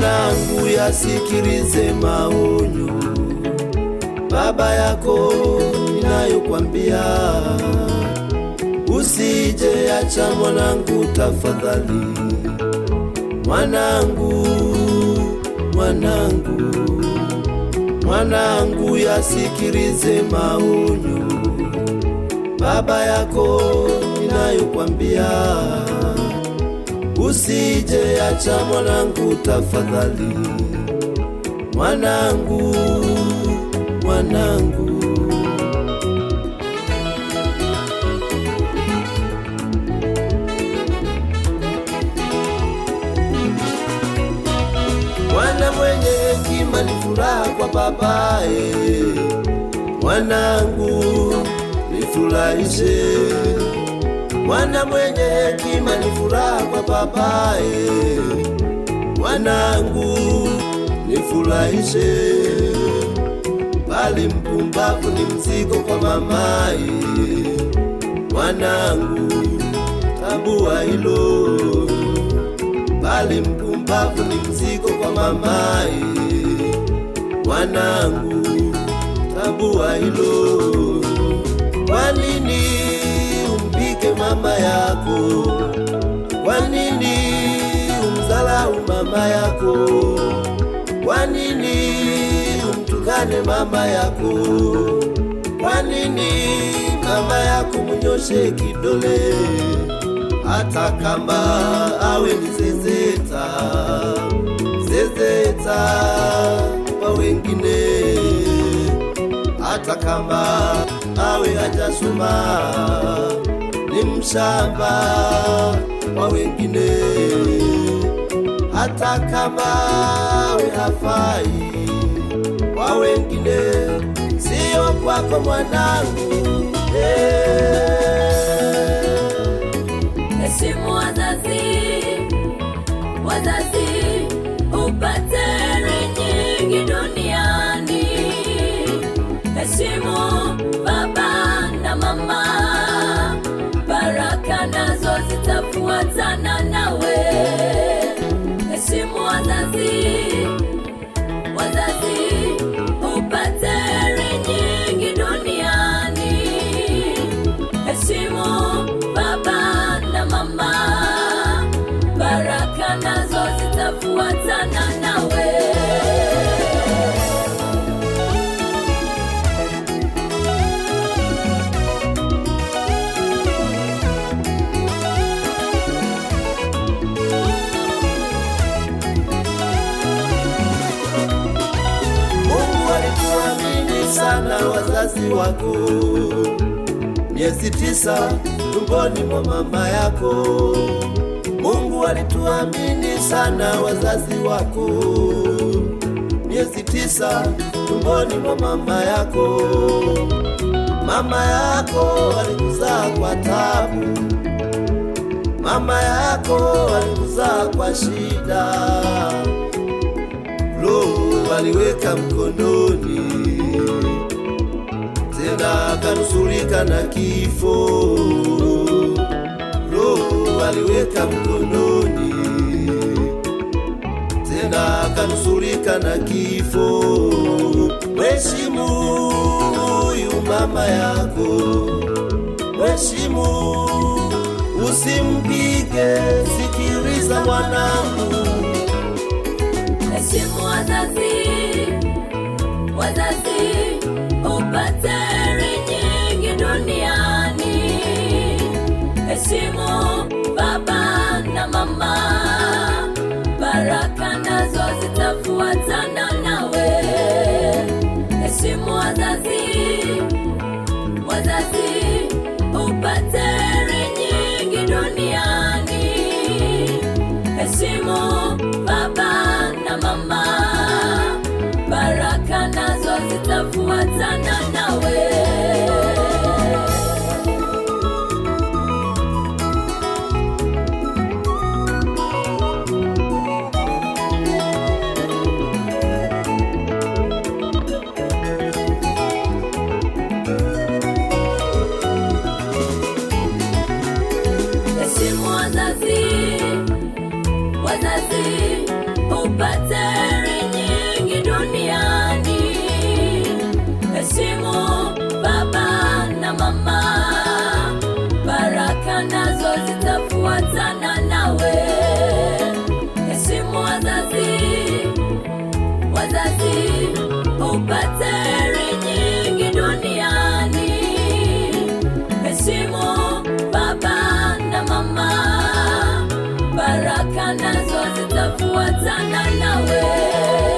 mwanangu, yasikilize maonyo baba yako inayokwambia. Usije acha mwanangu, tafadhali mwanangu, mwanangu, mwanangu, yasikilize maonyo baba yako inayokwambia usije acha mwanangu, tafadhali mwanangu, mwanangu. Mwana mwenye hekima ni furaha kwa babaye, mwanangu nifurahishe mwana mwenye hekima ni furaha kwa babaye. Mwanangu nifurahishe, bali mpumbavu ni mzigo kwa mama Mwanangu tambua hilo, bali mpumbavu ni mzigo kwa mamae Mwanangu tambua hilo. Kwa nini mama yako? Kwa nini umzalau mama yako? Kwa nini umtukane mama yako? Kwa nini mama yako mnyoshe kidole, hata kama awe ni zezeta zezeta kwa wengine, hata kama awe hajasoma ni mshamba wa wengine, hata kama we hafai wa wengine, sio kwako mwanangu. Heshimu wazazi, wazazi upate sana wazazi wako, miezi tisa tumboni mwa mama yako walituamini sana wazazi wako. Miezi tisa tumboni mwa mama yako, mama yako alikuzaa kwa tabu mama yako alikuzaa kwa shida. Roho aliweka mkononi, tena akanusurika na kifo. akanusurika na kifo. Mheshimu huyu mama yako, mheshimu, usimpige. Sikiliza mwanangu, heshimu wazazi zikipatikana zo zitafuatana nazo zitafuatana nawe.